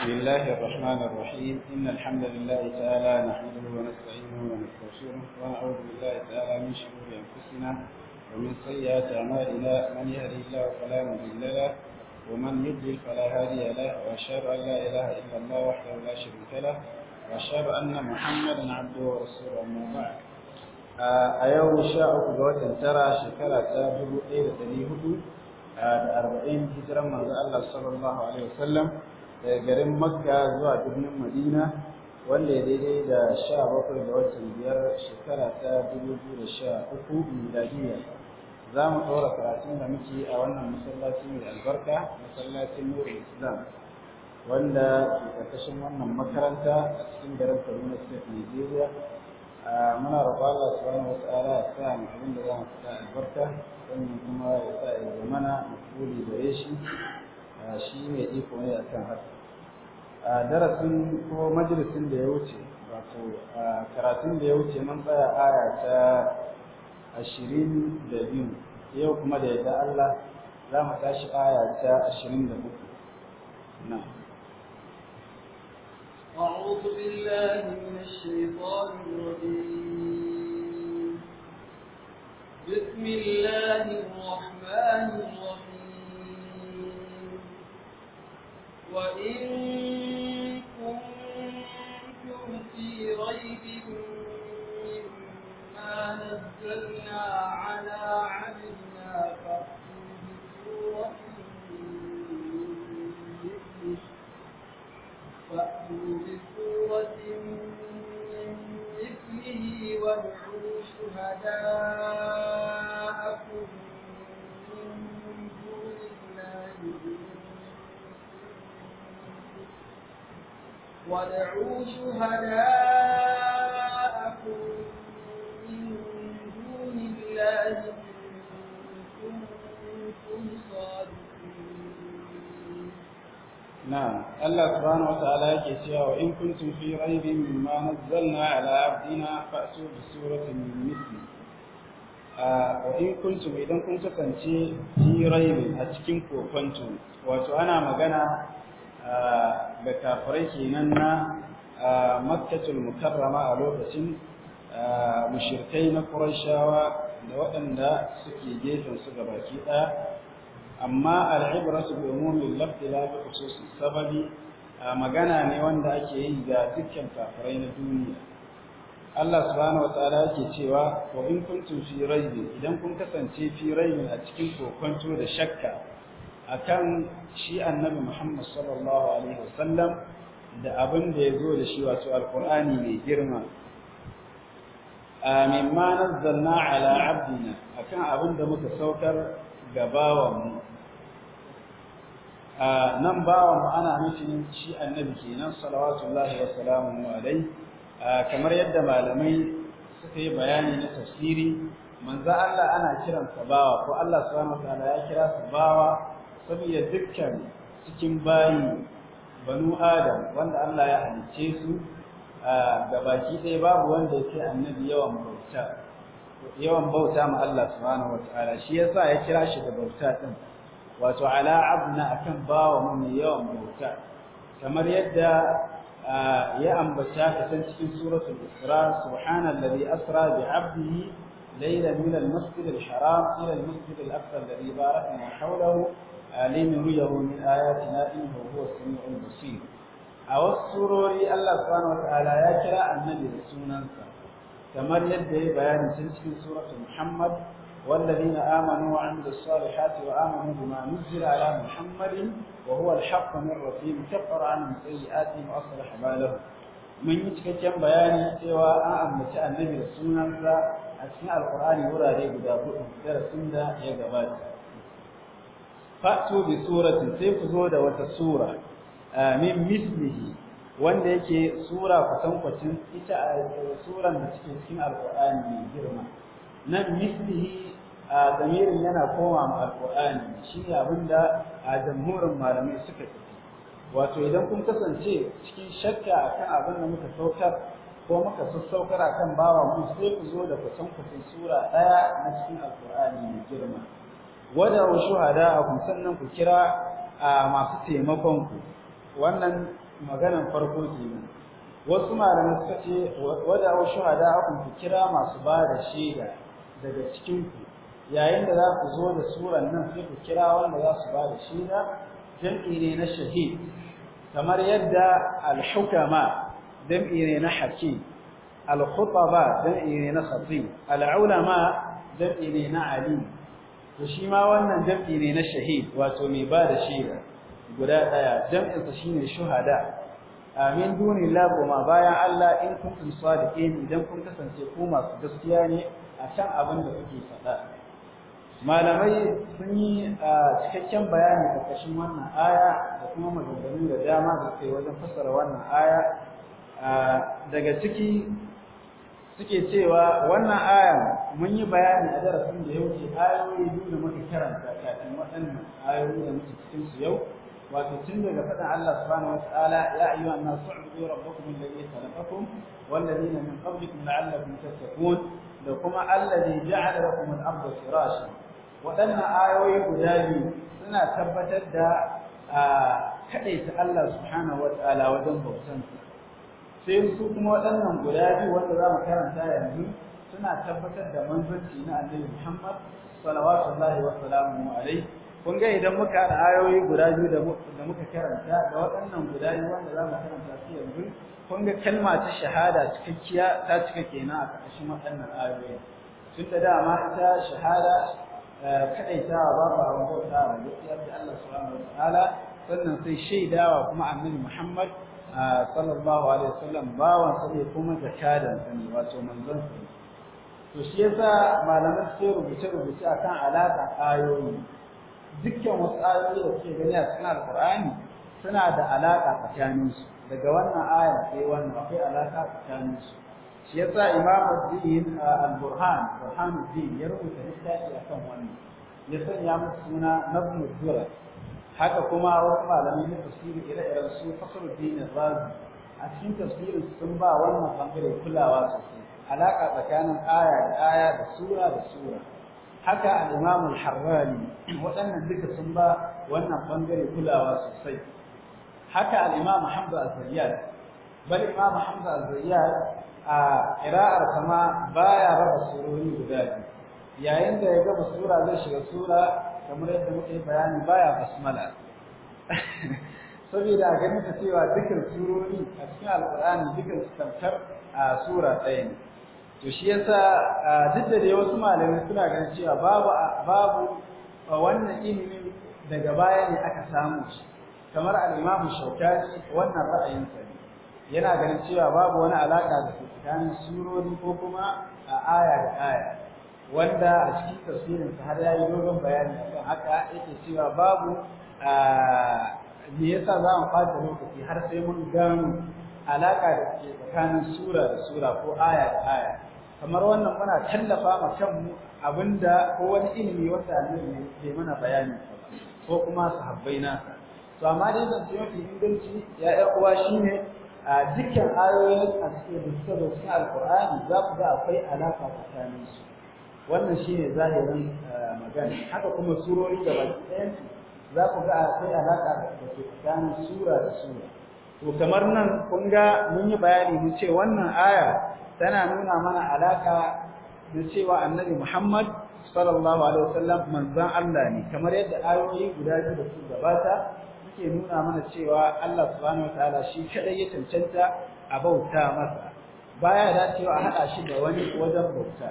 بسم الله الرحمن الرحيم إن الحمد لله تعالى نحمده ونستعينه ونستغفره ونعوذ بالله تعالى من شرور أنفسنا ومن سيئات أعمالنا من يهدي الله فلا مضل له ومن يضلل فلا هادي له وأشهد أن لا إله إلا الله وحده لا شريك له وأشهد أن محمدا عبده ورسوله أما بعد آه، أيوم شاء قدوة ترى شكرا تابه إلى تليهه آه، أربعين هجرا من الله صلى الله عليه وسلم daga garin makka zuwa birnin madina wanda ya daidai da sha bakwai da watan biyar shekara ta dubu biyu da sha uku miladiya za mu ɗora karatun da muke a wannan masallaci mai albarka masallacin nurin islam wanda ke ƙarƙashin wannan makaranta a cikin garin kaduna state nigeria muna roƙon allah subhanahu wa ta'ala ya sa mu abin da za mu fita albarka sannan kuma ya sa ya zamana mu kuli da shi shi ne iko ne a kan haka a darasin ko majalisin da ya wuce wato karatun da ya wuce mun tsaya aya ta ashirin da biyu yau kuma da yadda Allah za mu tashi aya ta ashirin da uku na أعوذ بالله من الشيطان الرجيم بسم الله الرحمن الرحيم وإن كنتم في ريب مما نزلنا عن شهداءكم من دون الله إن كنتم صادقين نعم الله سبحانه وتعالى يكتب وإن كنتم في ريب مما نزلنا على عبدنا فأتوا بسورة من مثله wa in kuntum idan kun kasance fi raibin a cikin kokonto wato ana magana ga kafirai kenan na makkatul mukarrama a lokacin mushirkai na qurayshawa da waɗanda suke gefen su gabaki ɗaya amma al'ibratu bi umumin lafzi la bi sababi magana ne wanda ake yi ga dukkan kafirai na duniya Allah subhanahu wataala yake cewa ko in kuntum fi raibin idan kun kasance fi raibin a cikin kokonto da shakka akan shi annabi Muhammad sallallahu alaihi wasallam da abin da ya zo da shi wato alkur'ani mai girma amin ma nazzalna ala abdina akan abin da muka saukar ga bawanmu a nan bawanmu ana nufin shi annabi kenan salawatullahi wa salamun alai kamar yadda malamai suka yi bayani na tafsiri manzo Allah ana kiran sa bawa ko Allah subhanahu wa ta'ala ya kira sa bawa saboda dukkan cikin bayi banu adam wanda Allah ya halicce su ga baki ɗaya babu wanda ya kai annabi yawan bauta yawan bauta ma Allah subhanahu wataala shi yasa ya kira shi da bauta din wato ala abna akan bawa mun yawan bauta kamar yadda ya ambata kasan cikin suratul isra subhanallazi asra bi 'abdihi laylan min al-masjid al-haram ila al-masjid al-aqsa alladhi barakna hawlahu لنريه من آياتنا إنه هو السميع البصير a wasu surori Allah subhanahu wataala ya kira annabi da sunansa kamar yadda ya bayani tun cikin suratu Muhammad والذين آمنوا وعملوا الصالحات وآمنوا بما نزل على محمد وهو الحق من ربهم كفر عنهم سيئاتهم وأصلح بالهم من يتكلم بيان سوى أمة النبي رسول الله أثناء القرآن ولا ريب دابوه درس يا جبادي fa'tu bi suratin sai ku zo da wata sura min mislihi wanda yake sura kusan kwatankwacin ita suran da cikin cikin alqur'ani mai girma nan mislihi a zamirin yana koma ma alqur'ani shine abinda a jamhurin malamai suka tafi wato idan kun kasance cikin shakka akan abin da muka saukar ko muka sassaukar akan bawa mu sai ku zo da kwatankwacin sura ɗaya na cikin alqur'ani mai girma wada shuhada akum sannan ku kira masu taimakon ku wannan maganan farko kenan wasu malamai suka ce wada shuhada akum ku kira masu ba da shaida daga cikin ku yayin da za ku zo da suran nan sai ku kira wanda za su ba da shaida jam'i ne na shahid kamar yadda al-hukama jam'i ne na hakim al-khutaba jam'i ne na khatib al-ulama jam'i ne na alim to shi ma wannan jam'i ne na shahid wato mai ba da shaida guda daya jam'in sa shine shuhada amin dunillah kuma bayan Allah in kuntum sadiqin idan kun kasance ku masu gaskiya ne a kan abin da kuke faɗa malamai sun yi cikakken bayani karkashin wannan aya da kuma maganganun da dama da suke wajen fassara wannan aya daga ciki suke cewa wannan aya mun yi bayani a darasin da ya wuce ayoyi biyu da muka karanta kafin waɗannan ayoyi da muke cikin su yau wato tun daga faɗin Allah subhanahu wataala ya ayyuha an-nasu ubudu rabbakum alladhi khalaqakum والذين من قبلكم لعلكم تتقون da kuma allazi ja'ala lakum al-ardha firashan wadannan ayoyi guda biyu suna tabbatar da ah, kadaita Allah subhanahu wataala wajen bautansa sai su kuma waɗannan guda biyu wanda za mu karanta yanzu suna tabbatar da manzanci na annabi Muhammad sallallahu alaihi wa sallam kun ga idan muka da ayoyi guda biyu da muka karanta da waɗannan guda biyu wanda za mu karanta su yanzu kun ga kalma ta shahada cikakkiya ta cika kenan a ƙarƙashin waɗannan ayoyi tun da dama ita shahada eh, kaɗaitawa babu abin bauta a gaskiya da Allah subhanahu wa ta'ala sannan sai shaidawa kuma annabi Muhammad sallallahu alaihi wasallam bawan sa ne kuma zakadan sa ne wato manzon to shi yasa malaman su rubuce rubuce akan alaƙa ayoyi dukkan wasu ayoyi da ke gani a cikin alqur'ani suna da alaƙa tsakanin su daga wannan aya sai wannan akwai alaƙa tsakanin su shi yasa imam ad-din al-burhan burhanuddin ya rubuta littafi akan wannan ya sanya masa suna nabu durar haka kuma wasu malamai na tafsiri ire-iren su Fakhruddin Razi a cikin tafsirin sun ba wannan bangare kulawa sosai alaka tsakanin aya da aya da sura da sura haka al-Imam al-Harrani waɗannan duka sun ba wannan bangare kulawa sosai haka al-Imam Hamza al-Zayyad bal Imam Hamza al-Zayyad a qira'ar sama baya raba surori guda biyu yayin da ya gama sura zai shiga sura kamar yadda muke bayani baya basmala saboda a ganin ta cewa dukkan surori a cikin alqur'ani dukkan su a sura ɗaya ne to shi yasa duk da dai wasu malamai suna ganin cewa babu babu wannan ilimin daga baya ne aka samu shi kamar al-Imam shaukani wannan ra'ayin sa yana ganin cewa babu wani alaka da tsakanin surori ko kuma a aya da aya wanda a cikin tafsirin sa har yayi dogon bayani akan haka yake cewa babu me yasa za mu fata lokaci har sai mun gano alaka da ke tsakanin sura da sura ko aya da aya kamar wannan muna tallafa ma kanmu abinda ko wani ilimi wanda ne bai mana bayani ko kuma sahabbai nasa to amma dai zan ce mafi inganci ya ya uwa shine a dukkan ayoyin a cikin da alqur'ani za ku ga akwai alaka tsakanin su wannan shi shine zahirin eh, magana haka kuma surori da baki ɗayan za ku ga akwai alaƙa da ke tsakanin sura da sura to kamar nan kun ga mun yi bayani mu ce wannan aya tana nuna mana alaƙa na cewa annabi Muhammad sallallahu alaihi wasallam manzon Allah ne kamar yadda ayoyi guda biyu da su gabata suke nuna mana cewa Allah subhanahu wataala shi kaɗai ya cancanta a bauta masa baya dacewa a haɗa shi da wani wajen bauta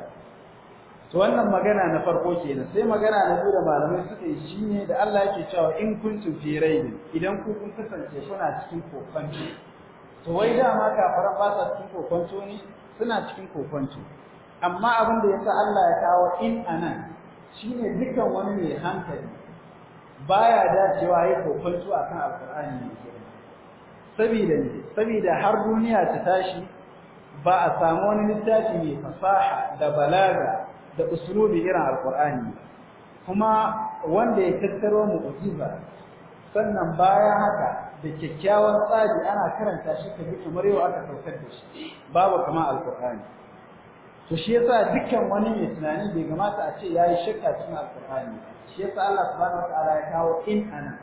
to wannan magana na farko kenan sai magana na biyu da malamai suka yi shine da Allah yake cewa in kuntum fi raibin idan ku kun kasance kuna cikin kokonto to wai dama kafaran ba sa cikin kokonto ne suna cikin kokonto amma abin da yasa Allah ya kawo in anan shine dukan wani mai hankali baya dacewa yayi kokonto akan alqur'ani ne saboda ne saboda har duniya ta tashi ba a samu wani littafi mai fasaha da balaga da usulubi irin alqur'ani kuma wanda ya tattaro mu mu'jiza sannan baya haka da kyakkyawan tsari ana karanta shi kaji kamar yau aka saukar da shi babu kama alqur'ani to shi yasa dukkan wani mai tunani bai gamata a ce yayi shakka cikin alqur'ani shi yasa Allah subhanahu wataala ya kawo in ana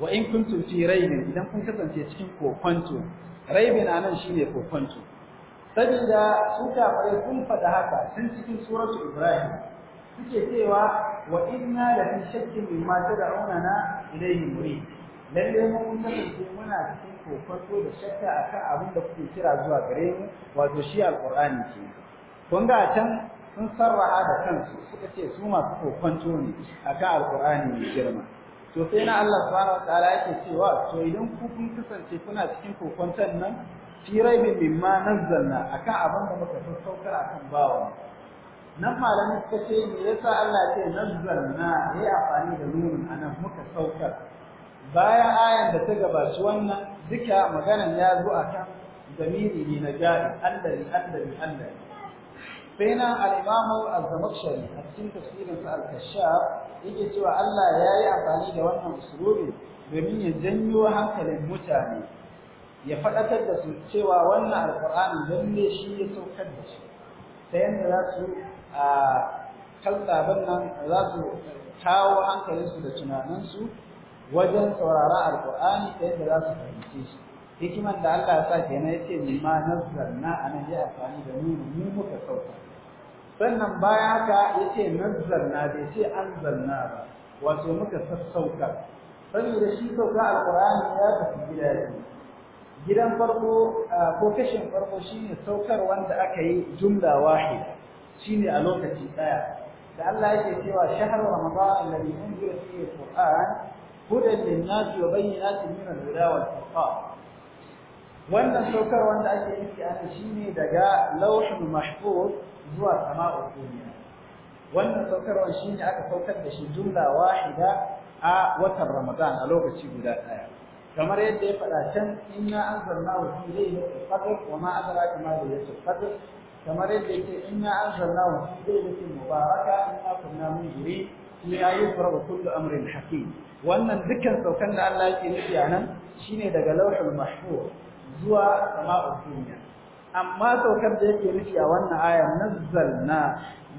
wa in kuntum fi raibin idan kun kasance cikin kokonto raibin anan shine kokonto saboda su kafirai sun faɗa haka sun cikin suratu ibrahim suke cewa wa inna la fi shakkin mimma tad'una na ilayhi muri lalle mun kasance muna cikin kokonto da shakka akan abin da kuke kira zuwa gare mu wato shi alqur'ani ce kun ga can sun sarra'a da kansu suka ce su masu kokonto ne akan alqur'ani mai girma to sai na Allah subhanahu wa ta'ala yake cewa to idan ku kun kasance kuna cikin kokonton nan fi raibin mimma nazzalna akan abin da muka sassaukar akan bawa nan malamin suka ce me yasa Allah ya ce nazzalna yayi amfani da nunun anan muka saukar bayan ayan da ta gabaci wannan duka maganan ya zo akan zamiri ne na jari allari allari allari sai al-imam az-zamakhshari a cikin tafsirin sa al-kashaf yake cewa Allah yayi amfani da wannan usulubi domin ya janyo hankalin mutane ya faɗatar da su cewa wannan alƙur'ani lalle shi ya saukar da shi ta yadda za su a kalɗaɓen nan za su kawo hankalinsu da tunaninsu wajen saurara alƙur'ani ta yadda za su fahimce shi hikimar da Allah ya sa kenan ya ce mimma a anan ya amfani da nuna mu muka sauka sannan bayan haka ya ce na bai ce zanna ba wato muka sassauka saboda shi sauka alƙur'ani ya tafi gida biyu gidan farko profession farko shine saukar wanda aka yi jumla wahida shine a lokaci daya da Allah yake cewa shahar ramadan alladhi unzila fihi alquran hudan lin wa bayyinatin min al-huda wal-furqan wannan saukar wanda ake yi ana shine daga lawhul mahfuz zuwa sama'ul dunya wannan saukarwa shine aka saukar da shi jumla wahida a watan ramadan a lokaci guda daya kamar yadda ya faɗa can inna anzalnahu fi lailatul qadr wa ma adraka ma lailatul qadr kamar yadda yake inna anzalnahu fi lailatin mubaraka inna kunna munzirin yi ayufra kullu amrin hakim wannan dukkan saukan da Allah yake nufi a nan shine daga lauhul mahfuz zuwa sama'ul dunya amma saukar da yake nufi a wannan ayar nazzalna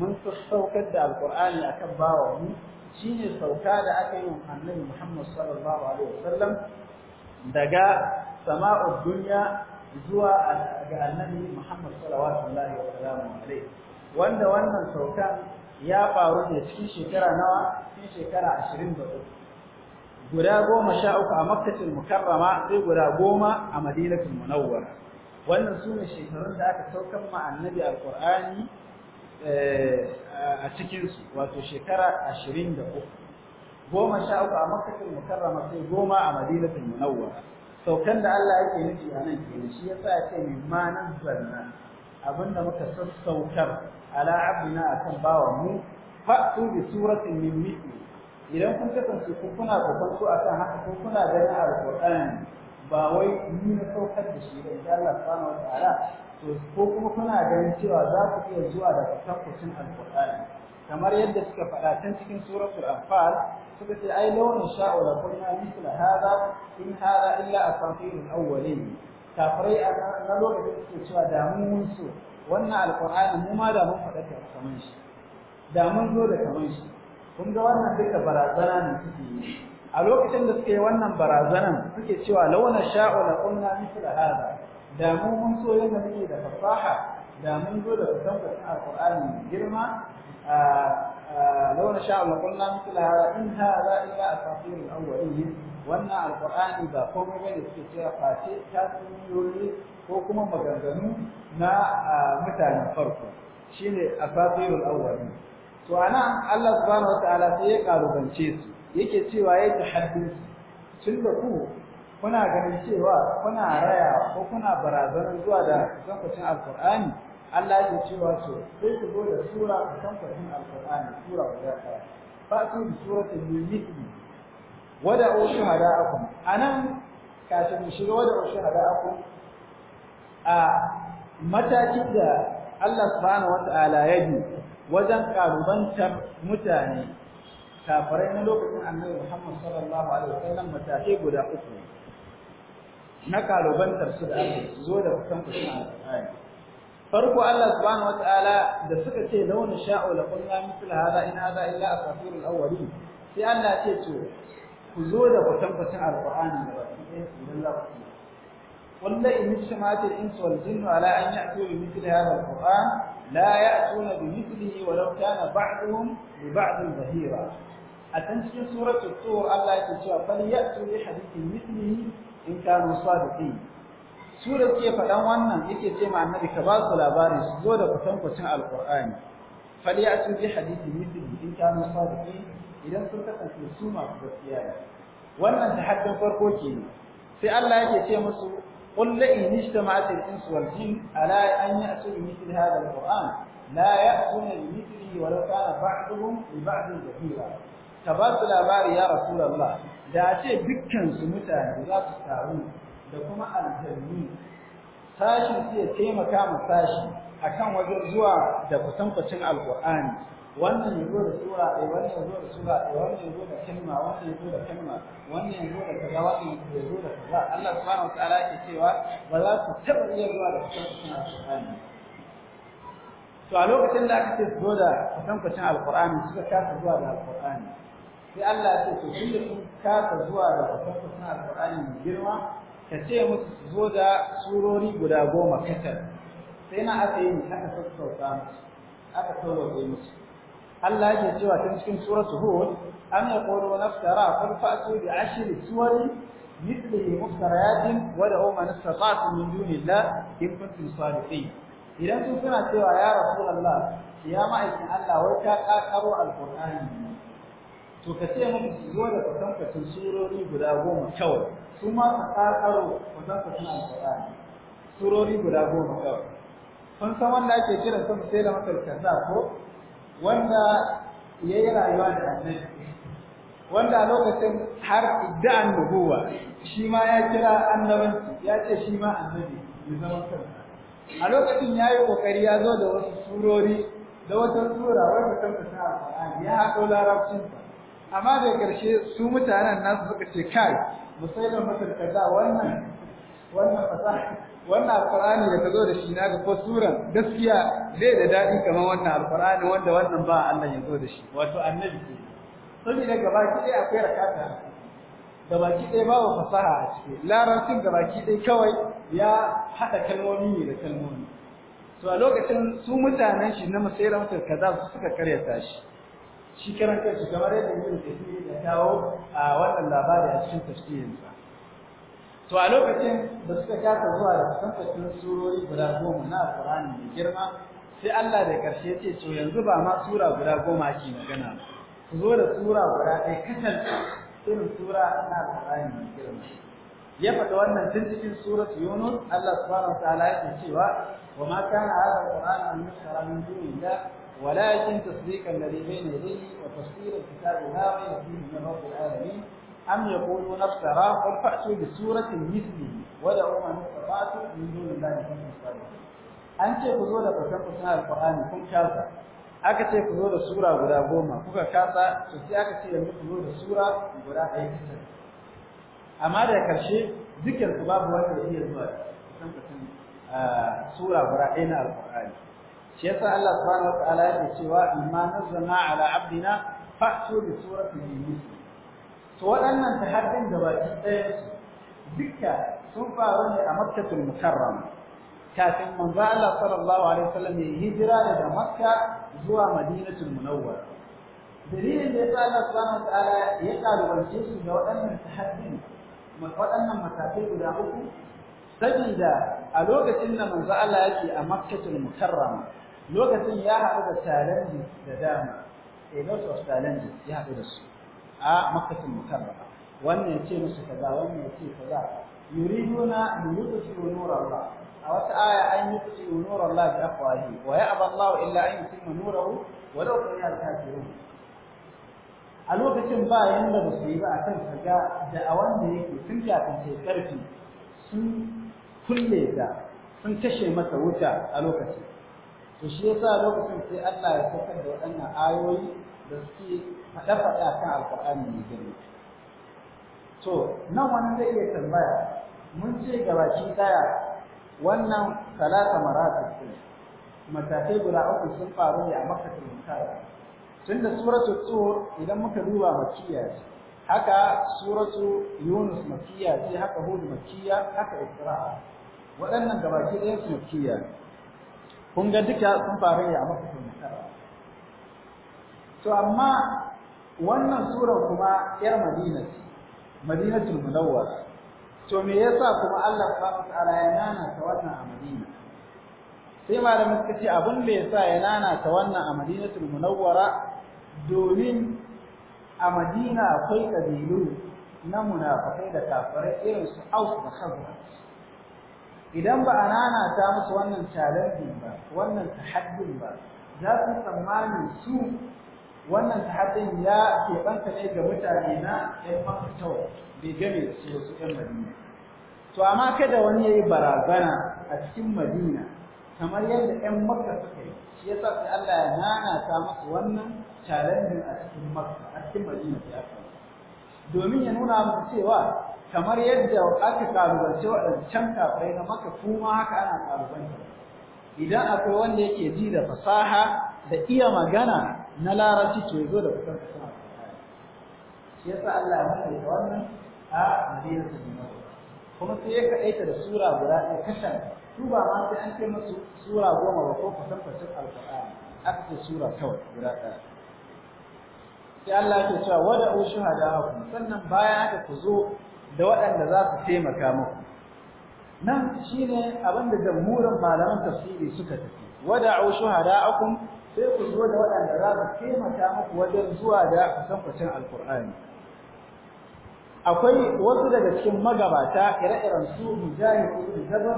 mun saukar da alqur'ani akan bawa mu shine sauka da aka yi wa annabi Muhammad sallallahu alaihi wasallam daga sama'ud duniya zuwa ga annabi Muhammad sallallahu alaihi sallam wanda wannan sauka ya faru ne cikin shekara nawa cikin shekara 23 guda uku a Makkatul Mukarrama sai guda goma a Madinatul Munawwara wannan sune shekarun da aka saukar ma annabi alqur'ani eh, a cikin wato shekara 23 goma sha uku a makkatul mukarrama sai goma a madinatul munawwara saukan da Allah yake nufi a nan kenan shi yasa ya ce min ma nazzalna abinda muka sassaukar ala abdina akan bawa mu fa'tu bi suratin min mithli idan kun kasance kun kuna kokon su akan haka ku kuna ganin alqur'ani ba wai ni na saukar da shi ba insha Allah subhanahu wataala to ko kuma kuna ganin cewa za ku iya zuwa da tafsirin alqur'ani kamar yadda suka faɗa can cikin suratul anfal suka ce ai law in sha'a la kunna mithla hada in hada illa asatirul awwalin kafirai a na lokacin suke cewa da mun so wannan alqur'ani mu ma da mun faɗa ta kaman shi da mun zo da kaman shi kun ga wannan da barazana ne suke yi a lokacin da suke wannan barazanan suke cewa law na sha'a la kunna mithla hada da mu mun so yanda muke da fasaha da mun zo da wasan Qur'an girma a lau na sha Allah in ha za a iya a safiyar al'awarin yin wannan al'ƙur'ani ba komai bane suke cewa face ta tsuniyoyi ko kuma maganganu na mutanen farko shine a safiyar al'awarin to ana Allah subhanahu wa ta'ala sai ya ƙalubance su yake cewa ya ta haddu tun da ku kuna ganin cewa kuna raya ko kuna barazanar zuwa da kusankwacin alkur'ani Allah ya cewa to sai ku zo da sura kusankwacin alkur'ani sura guda ɗaya fa su bi ta mulki wada o A anan kafin mu shiga wada o akum a matakin da Allah subhanahu wata'ala ya bi wajen karubantar mutane kafirai na lokacin annabi Muhammad sallallahu alaihi wasallam matakai guda uku na kalubantar su da aka zo da kusan kusan alƙur'ani farko Allah subhanahu wataala da suka ce law na sha'u la qulna mithla hada in hada illa asatirul awwalin sai Allah ya ce to ku zo da kusan kusan alƙur'ani da baki idan za ku wanda in shamatil insu wal jinnu ala an ya'tu bi mithli hadha alquran la ya'tuna bi mithlihi walau kana ba'dhum li ba'd zahira? a cikin suratul tur Allah ya ce cewa fal ya'tu bi hadithin mithlihi in kanu sadiqi su da ke fadan wannan yake ce ma annabi ka ba su labari su zo da kusankucin alqur'ani fali Faɗi tun bi hadisi mithli in kanu sadiqi idan sun kasance su ma su gaskiya ne wannan ta haddan farko ke ne sai Allah yake ce masu ƙulla la in ijtama'at al-ins wal jin ala an ya'tu bi mithli hadha al-qur'an la ya'tuna bi mithlihi wa law kana ba'duhum li ba'din dhahira ka ba su labari ya rasulullah da a ce dukkan su mutane za su taru da kuma aljanni sashi su ya taimaka ma sashi akan wajen zuwa da kusankwacin alkur'ani wannan zo da sura ɗaya wannan zo da sura ɗaya wannan zo da kalma wannan zo da kalma wannan zo da kaza wannan zo da kaza Allah subhanahu wataala ke cewa ba za su taɓa iya zuwa da kusankwacin alkur'ani to a lokacin da aka ce su zo da kusankwacin alkur'ani suka kasa zuwa da alkur'ani sai Allah ya ce to tun da sun zuwa da hukumar suna alƙur'ani mai girma ka ce musu su zo da surori guda goma katar sai na aka yi aka sassauta musu aka sauwaƙe musu Allah ce cewa tun cikin suratul hud am yaquluna naftara qul fa'tu bi ashri suwari مثله مفتريات ودعوا من استطعتم من دون الله إن كنتم صادقين idan sun suna cewa ya rasulullah ya ma'aikin Allah wai ka kakaro alqur'ani to ka ce mun zo da kwatankwacin surori guda goma kawai su ma ka ƙaƙaro kwatankwacin alƙur'ani surori guda goma kawai kun san wanda ake kiran sa sai da makalkansa ko wanda ya yi rayuwa da annabi wanda a lokacin har idan nubuwa shi ma ya kira annabanci ya ce shi ma annabi ya zama kansa a lokacin ya yi ƙoƙari ya zo da wasu surori da wata sura wadda ta fita a ya haɗo larabcinsa amma da karshe su mutanen nan suka ce kai musailan masar kaza wannan wannan fasaha wannan alqur'ani da tazo da shi ga ko suran gaskiya zai da dadi kamar wannan alqur'ani wanda wannan ba Allah ya zo da shi wato annabi ne? ke saboda gabaki ɗaya akwai rakata gabaki ɗaya babu fasaha a ciki larabcin gabaki ɗaya kawai ya haɗa kalmomi ne da kalmomi to a lokacin su mutanen shi na musailan masar kaza suka karyata shi shi kiran kanshi kamar yadda ibn kathir da kawo a wannan labari a cikin tafsirinsa to a lokacin da suka kasa zuwa da kusan tafsirin surori guda goma na alqur'ani mai girma sai Allah da ƙarshe ce to yanzu ba ma sura guda goma ke magana ku zo da sura guda ɗaya kacal irin sura na alqur'ani mai girma ya faɗi wannan tun cikin surat yunus Allah subhanahu wa ta'ala ya ce cewa wa ma kana hadha alqur'an an yukhra min dunillah ولكن تصديق الذي بين يديه وتفسير الكتاب ما بين فيه من رب العالمين أم يقولون افتراه قل فأتوا بسورة مثله ودعوا من استطعتم من دون الله كنتم صادقين an ce ku zo da kusan alqur'ani kun kasa aka ce ku zo da sura guda goma kuka kasa to sai aka ce yanzu ku zo da sura guda ɗaya ta amma da karshe zikir ku babu wanda ya iya zuwa kusan sura guda na alqur'ani shi yasa Allah subhanahu wataala yake cewa amma nazzalna ala abdina fa'tu bi suratin min to waɗannan tahaddin da baki ɗaya dukka sun faru ne a makkatul mukarrama kafin manzo Allah sallallahu alaihi wasallam ya hijira daga makka zuwa madinatul munawwar dalilin da yasa Allah subhanahu wataala ya kalubalce su da waɗannan tahaddin waɗannan matakai guda uku saboda a lokacin da manzo Allah yake a makkatul mukarrama lokacin ya haɗu da challenges da dama a lot of challenges ya haɗu da su a makkatul mukarrama wannan ya ce musu kaza wannan ya ce kaza yuriduna li yutfi'u nur Allah a wata aya an kuce nur Allah bi afwahi wa ya'ba Allah illa an yutimma nurahu wa law kana al-kafirun a lokacin ba yanda ba su yi ba akan kaga da a wanda yake sun kafin sai karfi sun kulle ta sun kashe masa wuta a lokacin to shi yasa lokacin sai Allah ya saukar da waɗannan ayoyi da suke faɗa-faɗa akan alƙur'ani mai gani to nan wani zai iya tambaya mun ce gabaki daya wannan talata maratib matakai guda uku sun faru ne a mutane tun tunda suratu tur idan muka duba makiya ce haka suratu yunus makiya ce haka hudu makiya haka isra'a waɗannan gabaki ɗaya su ne kun ga duka sun faru ne a makka to amma wannan surar kuma yar madina ce madinatul to me yasa kuma Allah subhanahu wataala ya nana ta wannan a madina sai malamin suka ce abin da yasa ya nana ta wannan a madinatul munawwara domin a madina akwai kabilu na munafikai da kafirai irin su aus da khazraj idan ba a nana ta musu wannan challenge ba wannan tahaddin ba za su tsammani su wannan tahaddin ya keɓanta ne ga mutane na ɗan makatawar bai game su wasu ɗan madina to amma kada wani ya yi barazana a cikin madina kamar yadda ɗan makka suka yi shi yasa sai Allah ya nana ta musu wannan challenge a cikin makka a cikin madina ya domin ya nuna musu cewa kamar yadda aka karubanci waɗancan kafirai na maka kuma haka ana karubanci idan akwai wanda yake ji da fasaha da iya magana na larabci to yazo da kusan fasaha shi yasa Allah ya masa da wannan a Madina ta Munawwara kuma sai ya kaita da sura guda ɗaya kashan su ba ma sai an ce musu sura goma ba ko kusan fasin alqur'ani aka ce sura kawai guda ɗaya sai Allah ya ce cewa wada'u shuhada'akum sannan baya haka ku zo da waɗanda za su taimaka muku nan shine ne abinda jamhurin malaman tafsiri suka tafi wasu hada'akun sai ku zo da waɗanda za su taimaka muku wajen zuwa da kusankwacin alkur'ani akwai wasu daga cikin magabata ire-iren su mujahid ibn jabr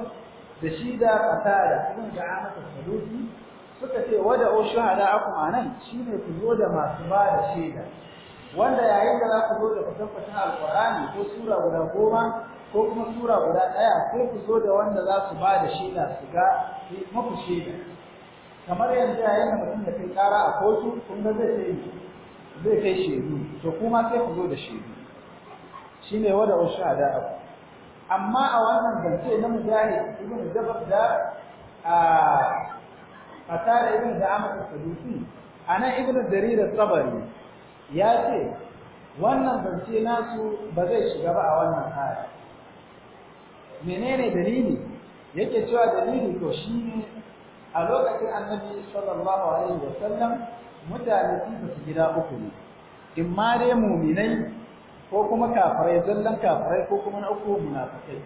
da shi da da ibn ga as-sadusi suka ce wada'u shuhada'akum anan shine ku zo da masu ba da shaida wanda yayin da za ku zo da fasafasin alkur'ani ko sura guda goma ko kuma sura guda ɗaya sai ku zo da wanda za su ba da shaida su ga mafi shaida kamar yanzu yayin da mutum da kai ƙara a kotu kun ga zai kai zai kai shaidu to kuma sai ku zo da shaidu ne wada ushada abu amma a wannan zance na mujahid ibn jabr da a fatara ibn da amr as-sadusi ana ibn jarir as ya ce wannan zance nasu ba zai shiga ba a wannan hali. menene dalili yake cewa dalili to shi ne? a lokacin annabi sallallahu alaihi sallam, mutane sun tafi gida uku ne in ma dai muminai ko kuma kafirai zallan kafirai ko kuma na uku munafikai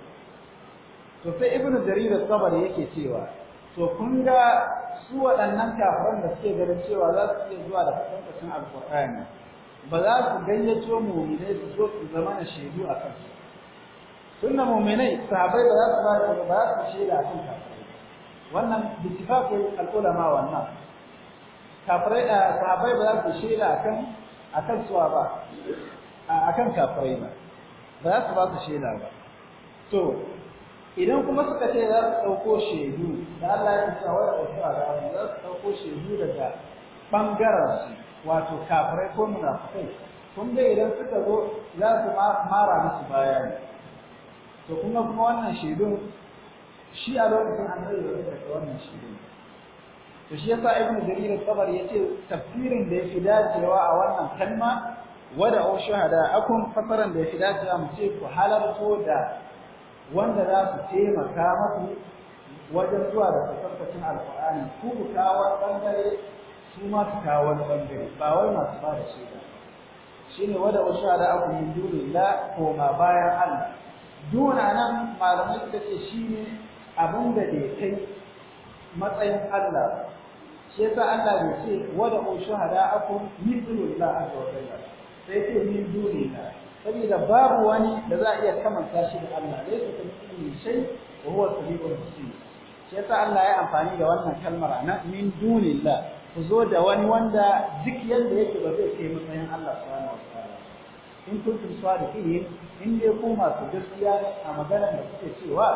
to sai ibnu jarir as-sabri yake cewa to kun ga su waɗannan kafiran da suke ganin cewa za su iya zuwa da fasankacin alƙur'ani ba za su gayyato mu'minai su zo su zama na shaidu a kansu sunna mu'minai sahabbai ba za su ba da ba za su shaida a kan kafirai wannan bittifaqul ulama wannan kafirai eh, sahabbai ba za su shaida akan kan suwa ba akan kafirai ba ba za su ba su shaida ba to idan kuma suka ce za su ɗauko shaidu da Allah ya tsawar da su a za su ɗauko shaidu daga bangaren su wato kafirai ko munafikai kun dai idan suka zo za su mara musu baya ne to kuma kuma wannan shaidun shi a lokacin an zai yi da wannan shaidun to shi yasa ibn jarir al ya yace tafsirin da yake dacewa a wannan kalma wada au shahada, akun fasaran da yake dacewa mu ce ku halarto da wanda za su taimaka muku wajen zuwa da tafsirin alkur'ani ku ku kawo bangare su ma su kawo wani bangare ba wai masu ba da Shi ne wada ushara aku min dunillah la koma bayan Allah duna nan malamai suka ce shine abin da bai kai matsayin Allah shi yasa Allah bai ce wada ushara aku min dunillah azza wa jalla sai ce min dunillah saboda babu wani da za a iya kamanta shi da Allah ne su kuma shi shay wa huwa sabiqul basir shi yasa Allah ya amfani da wannan kalmar nan min la. ku zo da wani wanda duk yadda yake ba zai kai matsayin Allah subhanahu wa ta'ala in da sadiqin in dai ku masu gaskiya a maganar da kuke cewa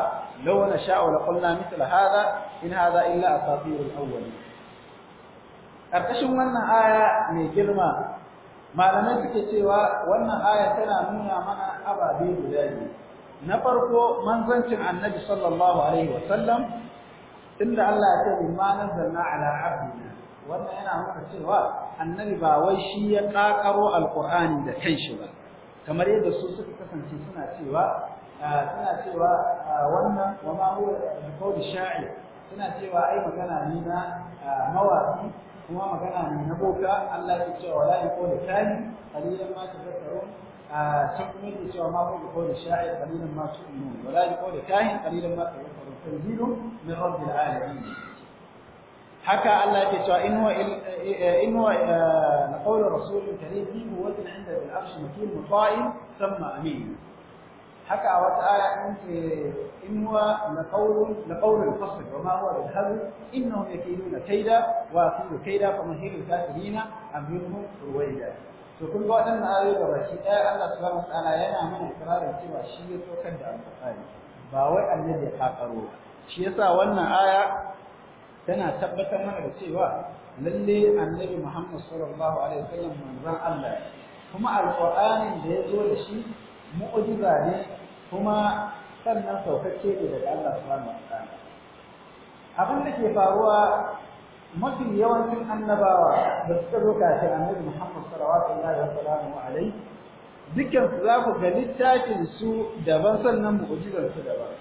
law na sha'u la qulna mithla hadha in hadha illa asatir al-awwalin karkashin wannan aya mai girma malamai suke cewa wannan aya tana nuna mana ababe guda biyu na farko manzancin annabi sallallahu alaihi wa sallam inda Allah ya ce bima zanna ala abdina wannan yana nuna cewa annabi ba wai shi ya kakaro alqur'ani da kanshi ba kamar yadda su suka kasance suna cewa suna cewa wannan wa ma huwa qawli sha'ir suna cewa ai magana ne na mawaki kuma magana ne na boka Allah ya ce wala yaqulu kani qalilan ma tadhakkarun sun kuma ce cewa ma huwa qawli sha'ir qalilan ma tu'minun wala yaqulu kahin qalilan ma tadhakkarun tanzilun min rabbil alamin haka Allah yake cewa in huwa in huwa eh, qawlu rasulil karim fi quwwatin 'inda al-arsh makin muta'in thumma amin haka a wata aya an ce in huwa laqawlun laqawlul fasl wa ma huwa bil hazl innahum yakiduna kayda wa akidu kayda fa mahilul kafirina amhilhum ruwaida to kun ga waɗannan ayoyi da baki ɗaya Allah subhanahu wataala yana mana ikrarin cewa shi ya tsokar da al alƙur'ani ba wai annabi ya kakaro shi yasa wannan aya tana tabbatar mana da cewa lalle annabi Muhammad sallallahu alaihi wasallam manzon Allah kuma alqur'anin da ya zo da shi mu'jiza ne kuma sannan saukakke ne daga Allah subhanahu wataala abin da ke faruwa mafi yawancin annabawa da suka zo kafin annabi Muhammad sallallahu alaihi wasallam dukkan su za ku ga littafin su daban sannan mu'jizar su daban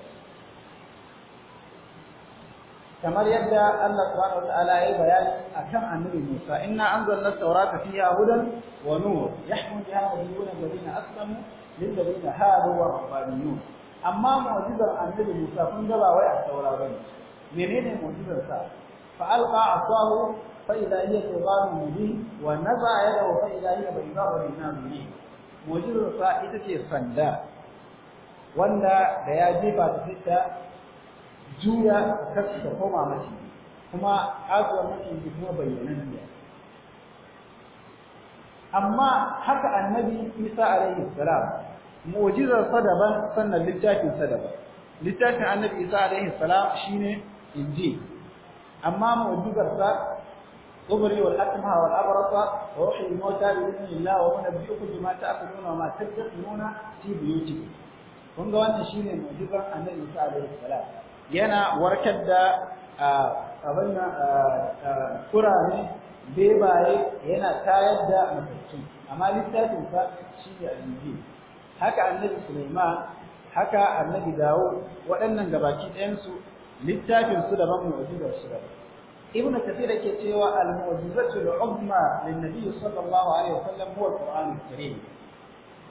kamar yadda Allah subhanahu wataala ya yi bayani akan annabi Musa inna anzalna tawrata fiha hudan wa nur yahkum biha nabiyuna alladhina aslamu lilladhina hadu wa rabbaniyun amma mu'jizar annabi Musa kun ga ba wai a taura bane menene mu'jizar sa fa alqa asahu fa idha hiya tawrun mubin wa naza yadahu fa idha hiya bayda'u lin mu'jizar sa ita ce sanda wanda da ya jefa ta juya kasu ta koma mace kuma kasuwar mace kuma bayyanan biya amma haka annabi isa alaihi salam mu'jizar sa daban sannan littafin sa daban littafin annabi isa alaihi salam shine inji amma mu'jizar sa أبري والأكمه mota da wa بإذن الله وأنبئكم بما تأكلون ma تدخرون في بيوتكم. kun ga wannan shine mu'jizar Annabi Isa alaihi salam yana warkar da abin kurare bebaye yana tayar da matattu amma littafin sa shi ne alinji haka annabi Sulaiman haka annabi dawo waɗannan gabaki ɗayansu, su littafin su daban mu'jizar su daban ibnu kathir yake cewa al-mu'jizatu al-uzma lin-nabi sallallahu alaihi wasallam huwa al-qur'an al-karim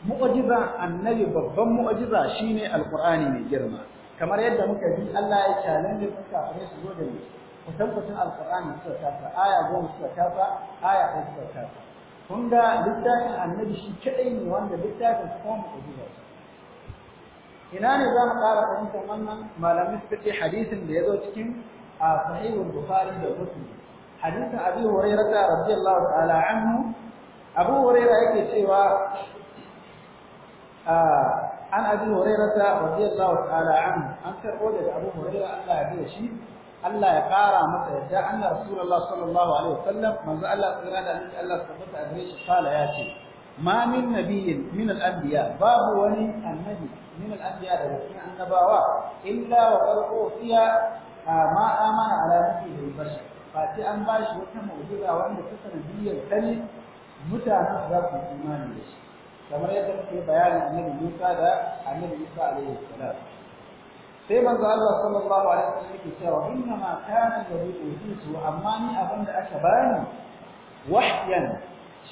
mu'jiza annabi babban mu'jiza shine al-qur'ani mai girma kamar yadda muka ji Allah ya challenge su kafirai su zo da ni kutankucin alqur'ani suka tafa aya goma suka tafa aya ɗaya suka tafa kun ga littafin annabi shi kadai ne wanda littafin su kuma mu'jiza ina ne za mu ƙara fahimtar wannan malamai suka ce hadisin da ya zo cikin a sahihul bukhari da muslim hadisin abi hurairah radiyallahu ta'ala anhu abu hurairah yake cewa an abi hurairata radiyallahu ta'ala anhu an karɓo daga abin hurairah Allah ya biya shi Allah ya ƙara masa yadda anna rasulullah sallallahu alaihi wasallam manzo Allah tsira da annabi Allah tabbata a gare shi kala ya ce ma min nabiyyin min al-anbiya babu wani annabi min al-anbiya da cikin annabawa illa wa qarqu fiya ma amana ala nabiyyi bashar fati an bashi wata mu'jiza wanda ta sanadiyyar dani mutane za su imani da shi kamar yadda kake bayanin annabi Musa da annabi Isa alaihi salam sai manzo Allah sallallahu alaihi wasallam yake cewa inna ma kana yadu utu amma ni abinda aka bani wahyan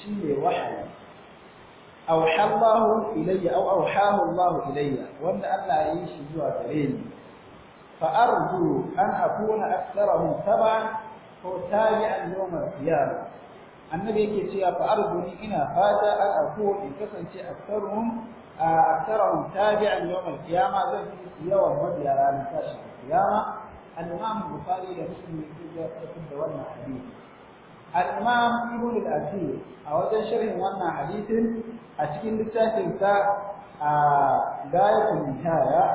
shine wahyi أوحى الله إلي أو أوحاه الله إلي وأن ألا يعيش جوا دليل فأرجو أن أكون أكثرهم تبعا أو تابعا يوم القيامة annabi yake cewa fa arduni ina fata an aku in kasance aktaruhum a tabi'an yawm al-qiyama zan fi yawan mabiya ranar tashin qiyama al-imam bukhari da muslim ya da wannan hadisi al-imam ibn al-asir a wajen sharhin wannan hadisin a cikin littafin sa a gayatul nihaya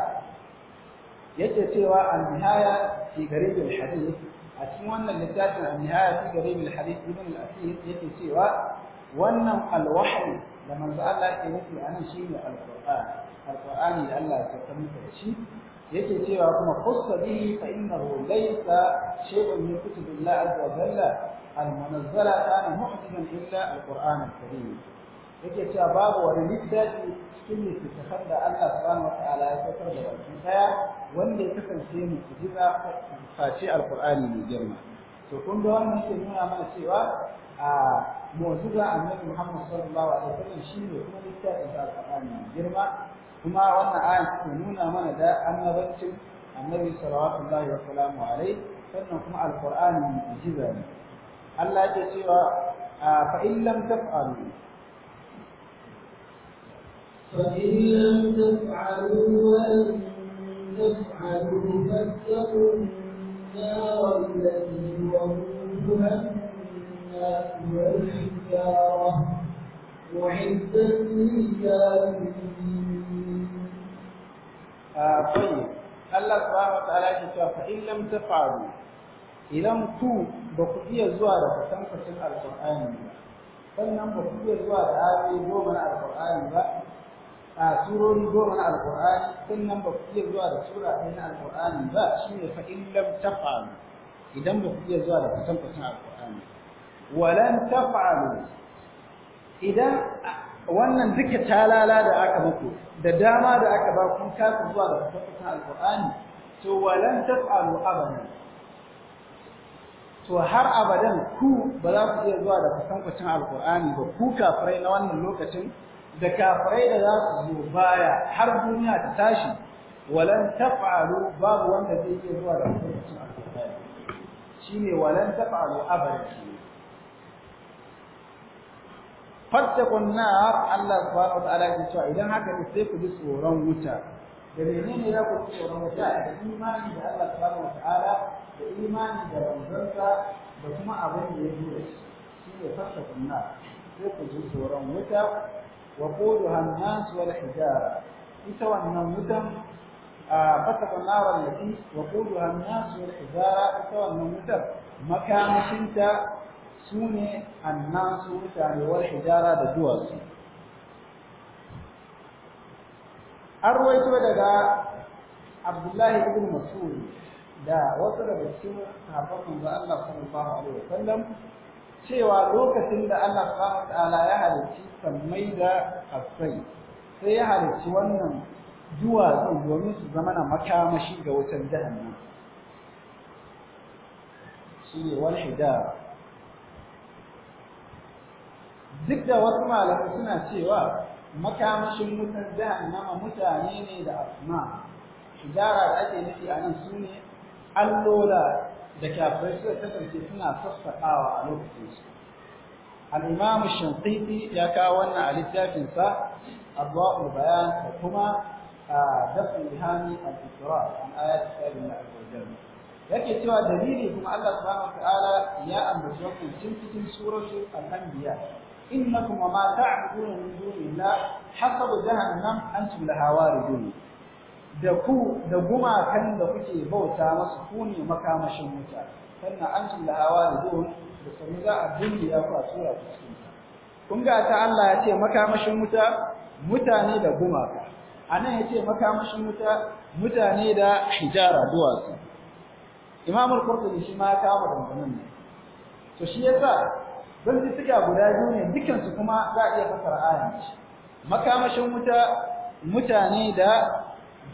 yake cewa al-nihaya fi garibul hadith a cikin wannan littafin an-nihaya fi garib al-hadith ibn al-asir yake cewa wannan al da manzo Allah yake nufi anan shine al-Qur'an al-Qur'ani da Allah ya tabbata shi yake cewa kuma qussa bihi fa innahu laysa shay'un min kutubillah azza wa jalla al-munazzala kana muhdithan illa al-Qur'an al-karim yake cewa babu wani littafi cikin littattafan da Allah subhanahu wataala ya saukar da baki daya wanda ya kasance mu'jiza face alqur'ani mai girma to kun ga wannan ke nuna mana cewa a mu'jiza annabi Muhammad sallallahu alaihi wasallam shine kuma littafin alqur'ani mai girma kuma wannan ayan ta nuna mana da annabancin annabi sallallahu alaihi wasallam sannan kuma alqur'ani mu'jiza ne Allah ya ce cewa fa in lam taf'alu فإن لم تفعلوا ولن تفعلوا فاتقوا النار التي وقودها الناس والحجارة أعدت للكافرين. طيب Allah subhanahu wataala yake cewa fa in lam taf'alu idan ku ba ku iya zuwa da kasancin alqur'ani ba sannan ba ku iya zuwa da ayoyi goma na alqur'ani ba a surori goma na alqur'ani sannan ba ku iya zuwa da sura ɗaya na alqur'ani ba shine fa in lam taf'alu idan ba ku iya zuwa da kusan kusan alqur'ani walan taf'alu idan wannan duka talala da aka muku da dama da aka ba kun kasa zuwa da kusan kusan alqur'ani to walan taf'alu abadan to har abadan ku ba za ku iya zuwa da kusan kusan alqur'ani ba ku kafirai na wannan lokacin da kafirai da za su zo baya har duniya ta tashi walan taf'alu babu wanda zai iya zuwa da hukuncin alƙur'ani shine walan taf'alu abadan fattakun nar Allah subhanahu wataala ya cewa idan haka ne sai ku ji tsoron wuta da menene za ku tsoron wuta da imani da Allah subhanahu wataala da imani da manzonsa da kuma abin da ya zo da shi shine fattakun nar sai ku ji tsoron wuta وقودها الناس والحجارة نسوى المدن آه، فتق النار التي وقودها الناس والحجارة المدن مكان سنت سوني الناس يعني والحجارة دجوز أرويت بدأ عبد الله بن مسعود دا وصل بالسنة cikin sahabban صلى الله عليه وسلم cewa lokacin da Allah subhanahu wataala ya halicci sammai da kasai sai ya halicci wannan duwatsu domin su zama na makamashi ga wutar jahannam shi ne wani shida. duk da wasu malamai suna cewa makamashin wutar jahannama mutane ne da asma hijara da ake nufi a nan su ne allola da kafirai suka kasance suna sassaƙawa a lokacin su al ya kawo wannan a littafinsa sa bayan da kuma dafa ihami al-isra an ayat kitabin Allah azza yake cewa dalili kuma Allah bama ta'ala ya ambaci wannan cikin suratul al-anbiya innakum wa ma ta'buduna min dunillah hasabu jahannam hawa da waridun da ku da gumakan da kuke bauta masu ku ne makamashin wuta sannan an tun da hawa da duhun da sami za a dindiya ya a cikin kun ga ta Allah ya ce makamashin wuta mutane da gumaka anan ya ce makamashin wuta mutane da hijara duwatsu Imam al-Qurtubi shi ma ya kawo maganganun ne to shi yasa su suka guda biyu ne dukansu kuma za a iya fasara ayan shi makamashin wuta mutane da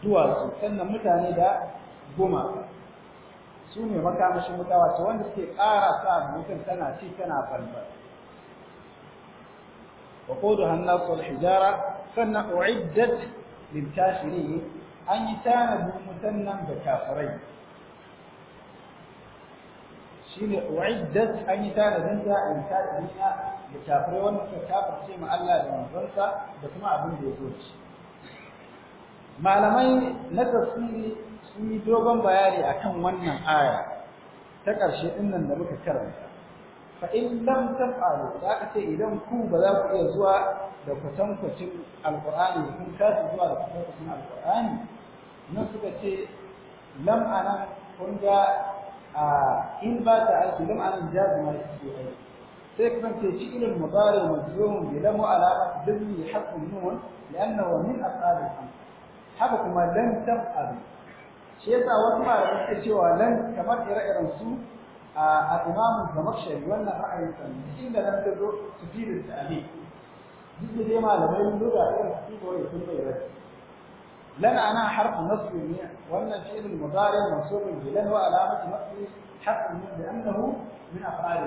duwatsu sannan mutane da goma su ne makamashin wuta wanda suke ƙara sa mutum tana ci tana balbal wa quduha an sannan uiddat lil an yi tanadin musannan da kafirai shine uiddat an yi tanadin ta an kafirin da kafirai wanda suka kafirce ma Allah da manzonsa da kuma abin da ya zo malamai na tafsiri sun yi dogon bayani akan wannan aya ta ƙarshe ɗin nan da muka karanta fa in lam taf'alu za ka ce idan ku ba za ku iya zuwa da kwatankwacin alqur'ani kun su zuwa da kwatankwacin alqur'ani na suka ce lam ana kun ga in ba ta aiki lam anan jazima yake aiki sai ce shi ilin mudari majzum bi lam ala dhimmi hakun nun li'annahu min aqalil hamsa haka kuma lan taf'alu shi yasa wasu malamai suke cewa lan kamar ire-iren su a imamu zamakshari wannan ra'ayin sa da nan ta zo su fi da ta'ali duk da dai malamai mun duba irin su ko ya sun bai rai lan ana harfu nasbi ne wannan shi ne mudari mansubun bi lan wa alamatu nasbi harfu min da annahu min af'al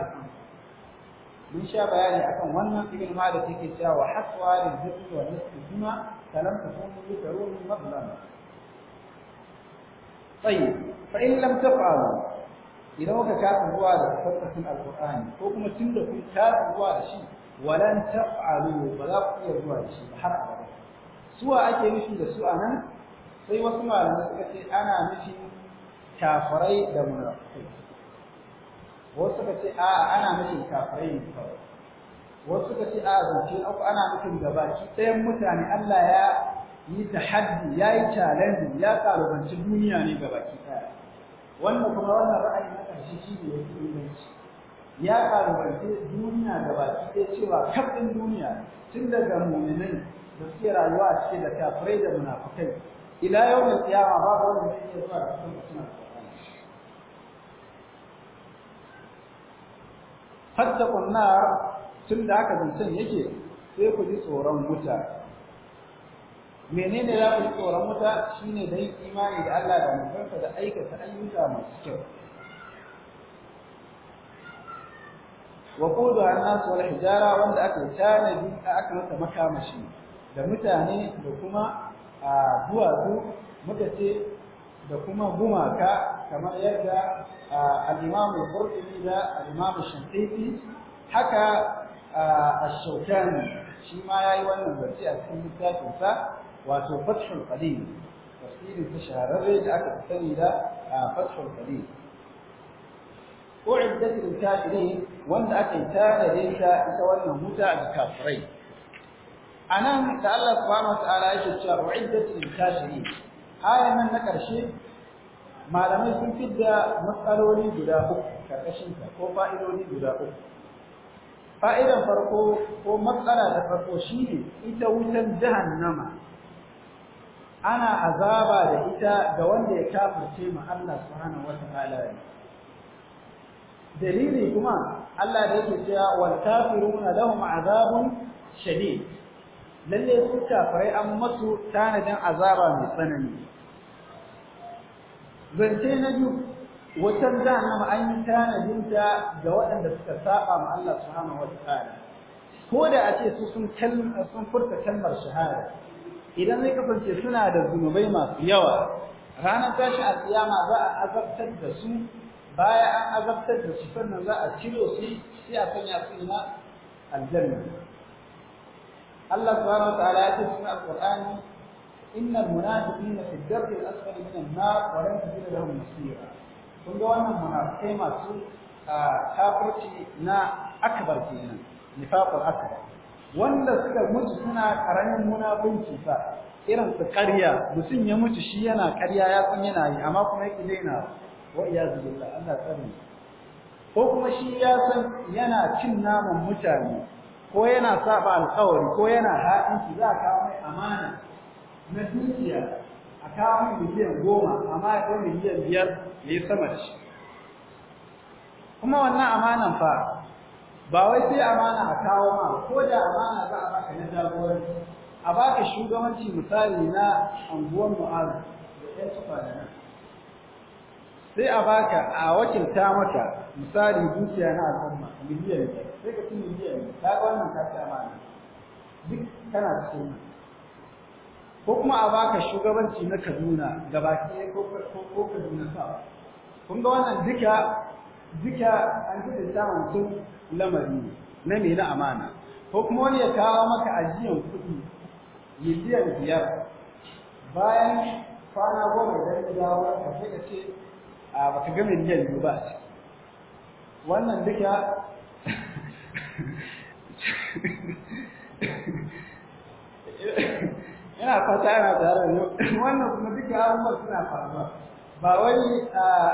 mun sha bayani akan wannan ibn da take cewa haswa lil zikri wa nasbi kuma فلم تكون تدعون مظلما طيب فإن لم تفعلوا إذا وكا كافر هو هذا فتحة القرآن وكما تندكم كافر هو هذا شيء ولن تفعلوا ولا قوة هو هذا شيء حرق سواء سوى أكي نفي لسوء أنا sai wasu أنا suka ce دمنا nufin kafirai da munafikai wasu suka wasu suka ce a zance aku ana nufin gabaki ɗayan mutane Allah ya yi tahaddi ya yi challenge ya kalubanci duniya ne gabaki ɗaya wannan kuma wannan ra'ayi na ƙarshe shi ne ya fi inganci ya kalubanci duniya gabaki ɗaya cewa kafin duniya tun daga muminai da suke rayuwa a cike da kafirai da munafukai ila yau da tsiyama babu wanda zai iya zuwa da cikin mutum فاتقوا النار tun da aka zancen yake sai ku ji tsoron wuta menene za ku ji tsoron wuta shine dai imani da Allah da mutunta da aikata ayyuka masu kyau waquduha an-nas wal hijara wanda aka tanadi aka masa makamashi da mutane da kuma a duwatsu muka ce da kuma gumaka kamar yadda al-imam al-qurtubi da al-imam haka الشوكاني shi ma yayi wannan barci a cikin littafin sa wato Fathul Qadir tafsirin ta shahararre da aka sani da Fathul Qadir u'iddat lil kafirin wanda aka tare da ita ita wannan huta a kafirai anan da Allah subhanahu wataala yake cewa u'iddat lil kafirin ayan nan na karshe malamai sun fidda matsaloli guda uku karkashin ta ko fa'idodi guda uku fa'idan farko ko matsala da farko shine ita wutan nama. ana azaba da ita ga wanda ya kafirce ma Allah wata wataala dalili kuma Allah da yake cewa wal kafiruna lahum azabun shadid lalle su kafirai an masu tanadin azaba mai tsanani zance na biyu wutar jahannama an yi tanadin ta ga waɗanda suka saba ma Allah subhanahu wataala ko da a ce su sun sun furta kalmar shahada idan zai kasance suna da zunubai masu yawa ranar a alƙiyama za a azabtar da su baya an azabtar da su sannan za a ciro su sai a sanya su ina aljanna Allah subhanahu wataala ya ce cikin alqur'ani innal munafiqina fi ad-darki al-asfali min an-nar wa lan tajid lahum nasira kun ga wannan munafikai masu kafirci na akbar kenan nifaqul akbar wanda suka mutu suna karamin munafunci sa irin su ƙarya mutum ya mutu shi yana ƙarya ya san yana yi amma kuma yake daina wa iyazu billah Allah tsare ko kuma shi ya san yana cin naman mutane ko yana saba alƙawari ko yana ha'inci za ka mai amana na dukiya a kawo miliyan goma amma ya kai miliyan biyar ya yi sama da shi kuma wannan amanan fa ba wai sai amana a kawo ma ko da amana za a baka na jagoranci a baka shugabanci misali na anguwan mu'azu da ƴan tufa da nan sai a baka a wakilta maka misali dukiya na al'umma miliyan biyar sai ka ci miliyan biyar ta wannan ka ci amana duk kana cikin ko kuma a baka shugabanci na Kaduna gabaki ɗaya ko ko Kaduna sa kun ga wannan duka duka an ji da mutum lamari na me na amana ko kuma wani ya kawo maka ajiyan kuɗi miliyan biyar bayan kwana goma da ya dawo ka sai ka ce a baka ga miliyan biyu ba wannan duka Yeah. ina fata ana tare da wannan kuma duka abubuwa suna faruwa ba wai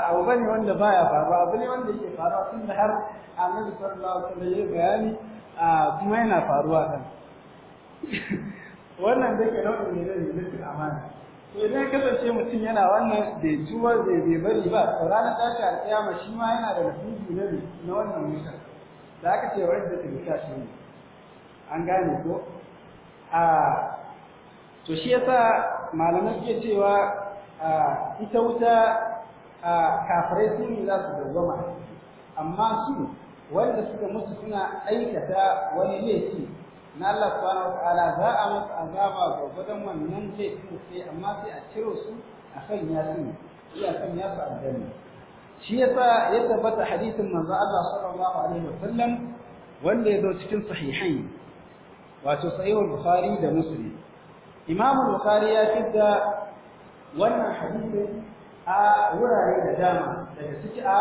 abu ba ne wanda baya faruwa abu ne wanda yake faruwa tun da har annabi sallallahu alaihi wasallam ya bayani kuma yana faruwa kan wannan da ke nau'in ne zai yi amana to idan kasance mutum yana wannan bai tuwa bai bai bari ba to ranar tashi alƙiyama shi ma yana da nasibi na ne na wannan mutum da aka ce wa da ta shi ne an gane ko a to shi yasa malaman ke cewa ita wuta kafirai su ne za su dawwama amma su wanda suka mutu suna aikata wani laifi na Allah subhanahu wataala za a musu azaba gwagwadon wannan laifin sai amma sai a ciro su a kan yasu iya kan yasu aljanna shi yasa ya tabbata hadisin manzo Allah sallallahu alaihi Sallam wanda ya zo cikin sahihain wato sahihul bukhari da muslim Imam Bukhari ya fidda wannan hadisin a wurare da dama daga ciki a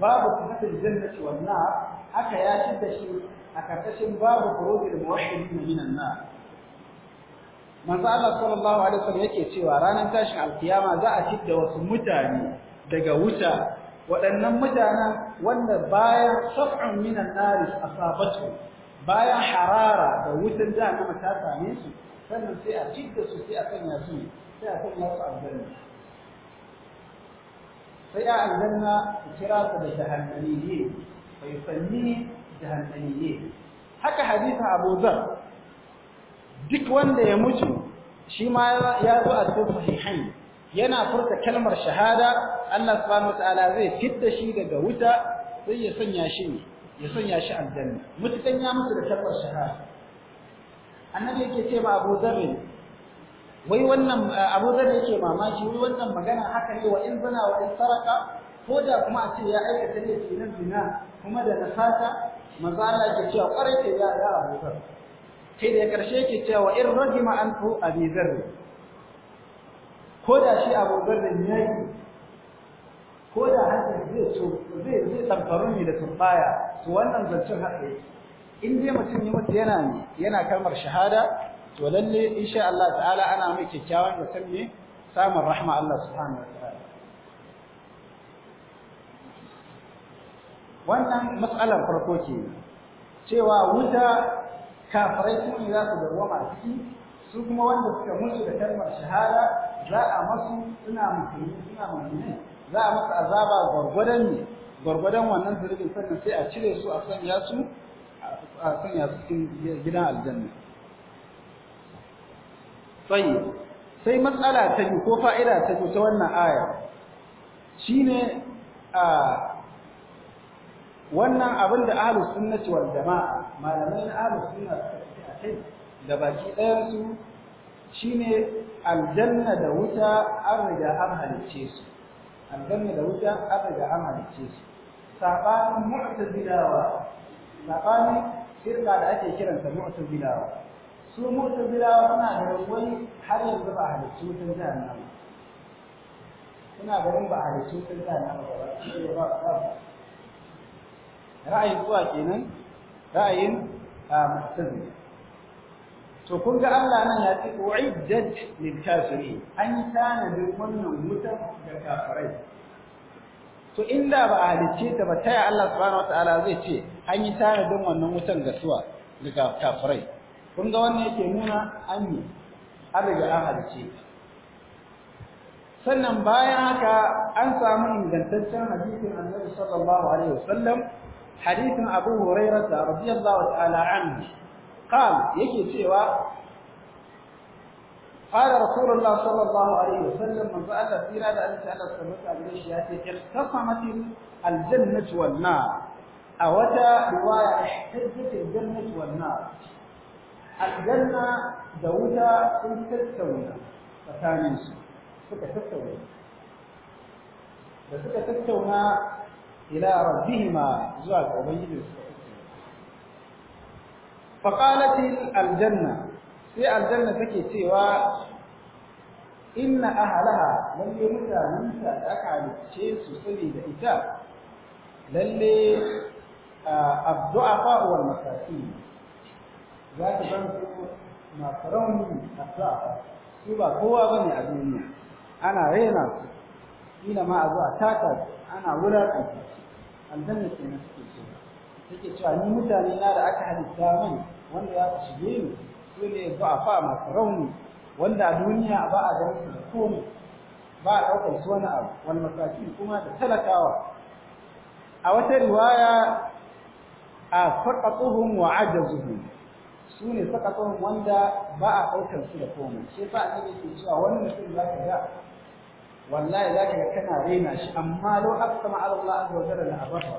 babu sifatu jannati wan wannan, haka ya fidda shi a karkashin babu furudul muwahhidin minan nar manzo Allah sallallahu alaihi wasallam yake cewa ranar tashin alkiyama za a fidda wasu mutane daga wuta waɗannan mutanen wanda bayan sab'un minan a asabatu bayan harara da wutan jahannama ta same su sannan sai a jidda su sai a sanya su sai a sanya su aljanna sai a aljanna su kira su da jahannamiyye fa yusanni jahannamiyye haka hadisin Abu Dharr duk wanda ya mutu shi ma ya zo a cikin sahihain yana furta kalmar shahada Allah subhanahu wataala zai fitta shi daga wuta sai ya sanya shi ya sanya shi aljanna mutukan ya mutu da kalmar shahada annabi yake ce ma Abu Dharr wai wannan Abu Dharr yake mamaki wai wannan magana haka ne wa in zina wa in saraka ko da kuma a ce ya aikata ne zinan zina kuma da nasata manzo Allah yake cewa kwarai ke ya ya Abu Dharr sai da karshe yake cewa in rajima anhu Abu Dharr ko da shi Abu Dharr ne ko da hakan zai so zai zai tsamfaru ne da turbaya to wannan zancen haka yake in dai mutum ya mutu yana ne yana kalmar shahada to lalle insha Allah ta'ala ana mai kyakkyawan mutum ne samun rahma Allah subhanahu wa ta'ala wannan matsalar farko ke cewa wuta kafirai su ne za su dawwama a ciki su kuma wanda suka mutu da kalmar shahada za a masu suna mutane, suna musulmi za a masa azaba gwargwadon ne gwargwadon wannan zurfin sannan sai a cire su a sanya su a sanya su cikin gidan aljanna tayyib sai matsala ta biyu ko fa'ida ta biyu ta wannan aya shine a wannan abin da ahlus sunnati wal jamaa malamai na ahlus sunna suka kai da baki ɗayan su ne aljanna da wuta an riga an halicce su aljanna da wuta an riga an halicce su sabanin mu'tazilawa sabanin shirka da ake kiransa mu'tazilawa su mu'tazilawa suna da wani har yanzu ba a halittu wutar ba. suna ganin ba a halittu wutar jahannam ba su ba ba ra'ayin zuwa kenan ra'ayin mu'tazila to kun ga Allah nan ya ce uiddat lil kafirin an tanadin wannan wutar da kafirai to inda ba a halicce ta ba taya Allah subhanahu wataala zai ce an yi tanadin wannan wutan ga suwa daga kafirai kun ga wannan yake nuna an yi an riga an halice sannan bayan haka an samu ingantaccen hadisin annabi sallallahu alaihi wasallam hadisin abu hurairah radiyallahu ta'ala anhu qal yake cewa قال رسول الله صلى الله عليه وسلم من سأل في هذا أن سأل السماء عليه شيئا اختصمت الجنة والنار a wata riwaya ihtajjatil jannatu wan nar aljanna da wuta sun tattauna tsakanin su suka tattauna da suka tattauna ila rabbihima zuwa ga ubangiji su فقالت الجنة في الجنة تكي إن أهلها لم يمتى منسى أكعد الشيس سبيل lalle الضعفاء والمساكين ذات بنت ما ترون الضعفاء سوى قوة بني الدنيا أنا رينا إلى ما أزوى تاكد أنا ولا أنت الجنة في نفسي take cewa ni mutane na da aka halitta min wanda za su shige ni su ne fa masu rauni wanda a duniya ba a ganin su komai ba a ɗaukar su wani abu wani kuma da talakawa a wata riwaya a saqatuhum wa ajazuhum su ne saqatuhum wanda ba a daukar su da komai shi yasa annabi ke cewa wani mutum zaka ga wallahi zaka ga kana raina shi amma law aqsama ala Allah azza wa jalla la abaha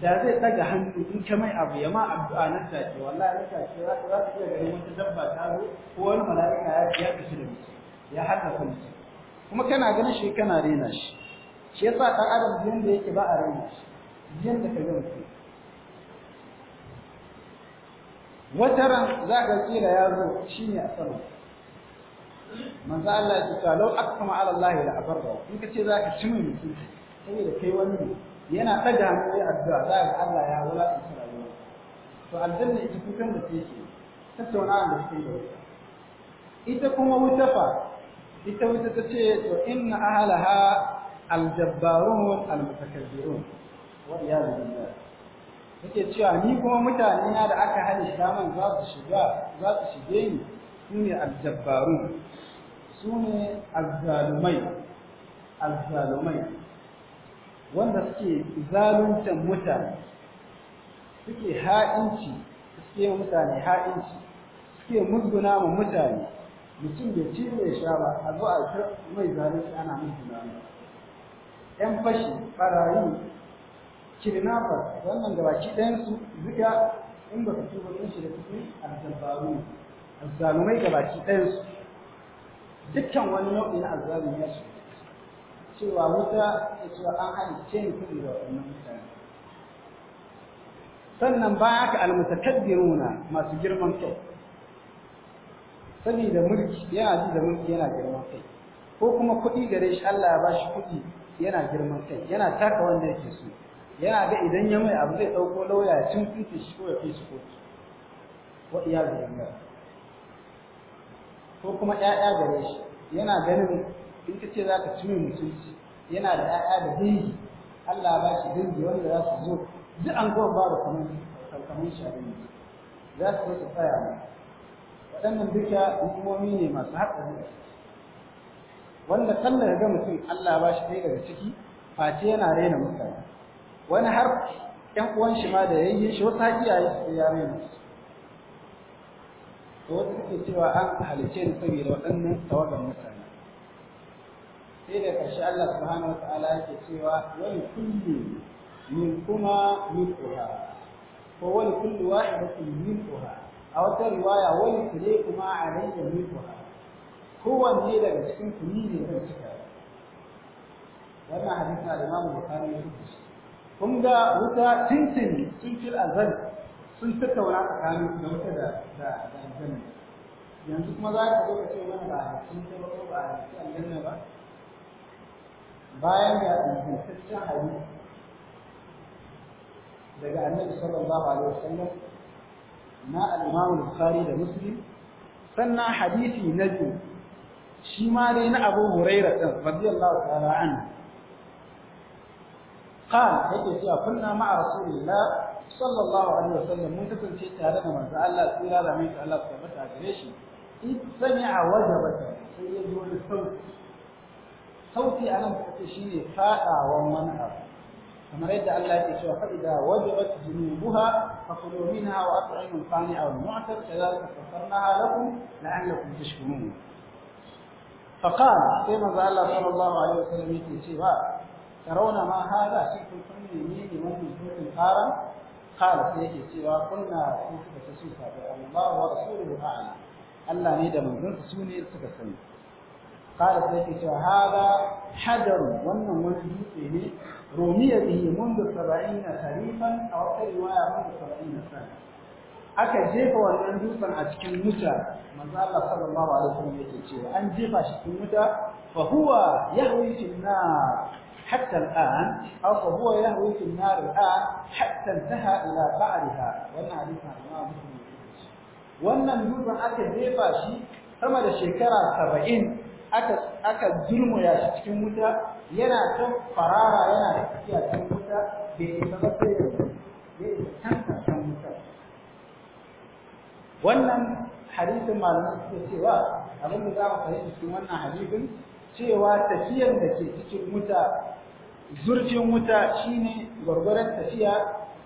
da zai daga hannu in ka mai abu ya ma addu'a nan take wallahi nan take za ka iya ganin wata dabba ta zo ko wani mala'ika ya ya tafi da mutum ya hada kansa kuma kana ganin shi kana raina shi shi yasa dan adam yanda yake ba a raina shi yanda ka ga mutum ran za ka tsira ya zo shi ne a sama manzo Allah ya ce lau akama ala Allah da abarra in ka ce za ka ci mai mutunci saboda kai wani yana ɗaga mai addu'a za ka Allah ya wulata rayuwa to aljanna ita kukan da take tattaunawa da take da ita kuma wuta fa ita wuta ta ce to inna ahlaha aljabbarun almutakabbirun wa iyadu billah yake cewa ni kuma mutane na da aka halitta shaman za su shiga za su shige ni su ne aljabbaru su ne azzalumai azzalumai wanda suke zaluntan mutane suke ha'inci suke mutane ha'inci suke musguna ma mutane mutum bai ci bai sha ba a zo a mai zalunci ana musguna mai yan fashi ɓarayi kidnappers wannan gabaki ɗayan su in ba su tuba sun shiga cikin aljabaru azzalumai gabaki ɗayan su dukkan wani nau'in azzalumi ya su cewa wuta ya cewa an halicce ni kuma da wannan mutane sannan baya ka almutakabbiruna masu girman kai saboda mulki yana ji da mulki yana girman kai ko kuma kuɗi gare shi Allah ya shi kuɗi yana girman kai yana taka wanda yake so yana ga idan ya mai abu zai dauko lauya cin kinki shi ko ya fi shi kotu iya da billah ko kuma ƴaƴa gare shi yana ganin in ka ce za ka ci mai mutunci yana da ƴaƴa da dangi Allah ba shi dangi wanda za su zo duk an kowa ba da kuma kankanin shi a dangi za su zo su tsaya mai waɗannan duka hukumomi ne masu haɗari wanda sallar ga mutum Allah ba shi ɗaya daga ciki face yana raina mutane wani har ƴan uwan shi ma da yayyin shi wasu haƙiya su ya mai musu to wasu suke cewa an halice ni saboda waɗannan tawagan mutane sai da ƙarshe Allah subhanahu wataala yake cewa wani kullu min kuma mithuha ko wani kullu wahidatin mithuha a wata riwaya wani kule kuma a alayya mithuha kowanne daga cikin kuni ne zan cika wannan hadisin da imam Bukhari ya rubuta kun ga wuta tintin sun fil azal sun tattauna tsakanin da wuta da da yanzu kuma za ka zo ka ce mana ba sun ce ba ko ba a aljanna ba bayan ga ingantaccen hadisi daga annabi sallallahu alaihi wasallam na al-Imam Bukhari da Muslim sannan hadisi na biyu shi ma dai na Abu Hurairah radiyallahu ta'ala anhu قال yake cewa kunna ma'a rasulillah sallallahu alaihi wasallam mun kasance tare da manzo Allah tsira da mai Allah ta bata gare shi in sami'a wajabata sai ya ji wani sauti sauti anan kace shine fadawan manhar kamar yadda Allah yake cewa fa idza wajabat junubuha fakulu minha wa at'imu al-qani'a wal mu'tar kadhalika safarnaha lakum la'allakum tashkurun فقال كما قال الله صلى الله عليه وسلم يقول tarawna ma hada shi kun kun ne ne mun mun fara qala sai yake cewa kunna kun suka ce su sabai Allah wa rasuluhu a'lam Allah ne da manzon su ne suka sani qala sai yake cewa hada hajar wannan wani dutse ne rumiya bihi منذ 70 tarifan aw riwaya منذ 70 sana aka jefa wannan dutsen a cikin wuta manzo Allah sallallahu alaihi wasallam yake cewa an jefa shi cikin wuta fa huwa yahwi fil nar حتى الآن أو فهو يهوي في النار الآن حتى انتهى إلى بعدها وأن حديثنا الإمام مسلم wannan dutsen aka jefa shi sama da shekara saba'in aka girmaya shi cikin wuta yana ta farara yana da tafiya cikin wuta bai isa ba sai yanzu bai isa wuta wannan hadisin malamin suke cewa abin da za mu fahimci cikin wannan hadisin cewa tafiyan da ke cikin wuta zurfin wuta shine gwargwaron tafiya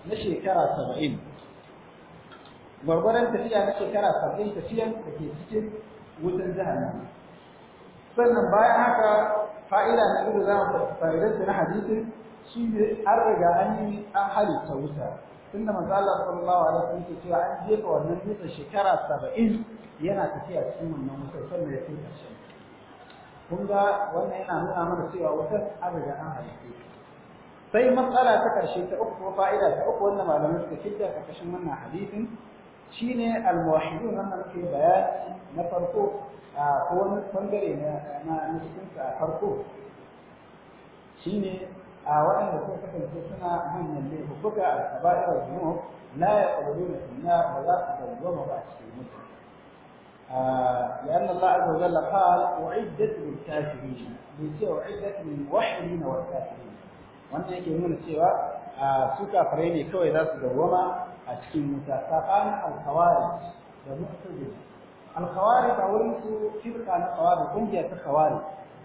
na shekara saba'in gwargwaron tafiya na shekara saba'in tafiyan da ke cikin wutan jahannama sannan bayan haka fa'ida na ido za mu fa'idarsa na hadisin shine ne an riga an yi an halitta wuta tunda manzo Allah sallallahu alaihi wasallam ke cewa an jefa wannan dutsen shekara saba'in yana tafiya cikin wannan wutar sannan ya kai ƙarshen kun ga wannan yana nuna mana cewa wutar an riga an halitta sai matsala ta ƙarshe ta uku ko fa'ida ta uku wannan malamai suka fidda a kashin wannan hadisin shine al-muwahhidun wannan muke bayani na farko a wani bangare na na cikin sa farko shine a waɗanda sun kasance suna manyan laifuka a kaba'ir al-dhunub la yaquluna inna wa la tadawwama ba a cikin mutane. لأن الله عز وجل قال أعدت للكافرين بيسي أعدت للموحدين والكافرين wannan yake nuna cewa su kafirai ne kawai za su dawwama a cikin wuta saɓanin alkawari da mu'tazila alkawari wurin su firka na kawari kungiya ta kawari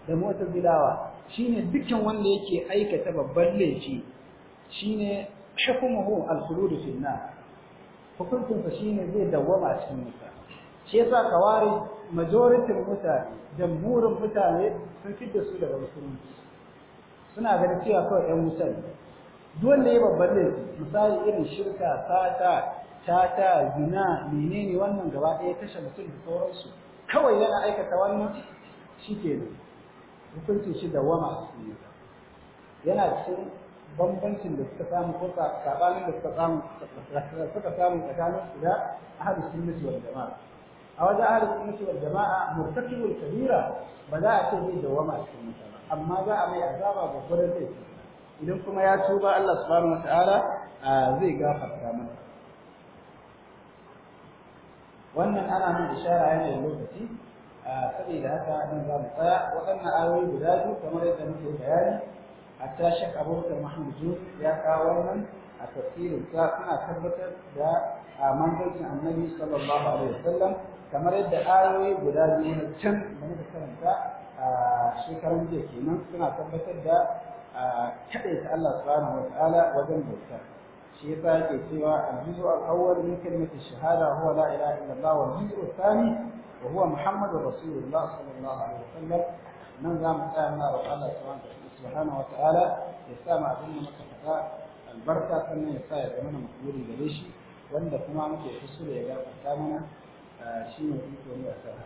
da mu'tazilawa shine dukkan wanda yake aikata babban laifi shine hukumuhu al-khulud fi an-nar shine zai dawwama a cikin wuta shi yasa kawari majoritin mutane jamhurin mutane sun fidda su daga musulunci suna ganin cewa kawai ƴan musulmi duk wanda ya babban laifi misali irin shirka sata tata zina menene wannan gaba ɗaya tashar mutum da sauransu kawai yana aikata wannan shi kenan hukuncin shi da wama a cikin yana cikin bambancin da suka samu ko saɓanin da suka samu tsakanin su da ahlus sunnati wal jama'a أو أهل الكنيسة والجماعة مرتكب الكبيرة بلا أتهي دوما سبحانه أما ذا أمي أعزابا بقول البيت إذن كما يتوبى الله سبحانه وتعالى ذي آه، قافر كامل وأن أنا من إشارة عن اللغتي آه، فإلى هذا من ذا مطيع وأن آوي بلاده كما ليس مثل بياني حتى شك أبو بكر محمد جوز يا كاورمن التفسير الكافي أثبت ذا آه، منزلة النبي صلى الله عليه وسلم kamar yadda ayoyi guda biyu na can da muka karanta a shekarun jiya kenan suna tabbatar da kaɗaita Allah subhanahu wa ta'ala wajen bautar shi yasa yake cewa al-juz'u al-awwal min kalimati shahada huwa la ilaha illallah wa al-juz'u al-thani wa huwa muhammadur rasulullah sallallahu alaihi wasallam nan za mu tsaya na roƙon Allah subhanahu wa ta'ala ya sa mu abin da muka faɗa albarka sannan ya sa ya zama na makbulin gare shi wanda kuma muke kusur ya gafarta mana 呃新闻工作者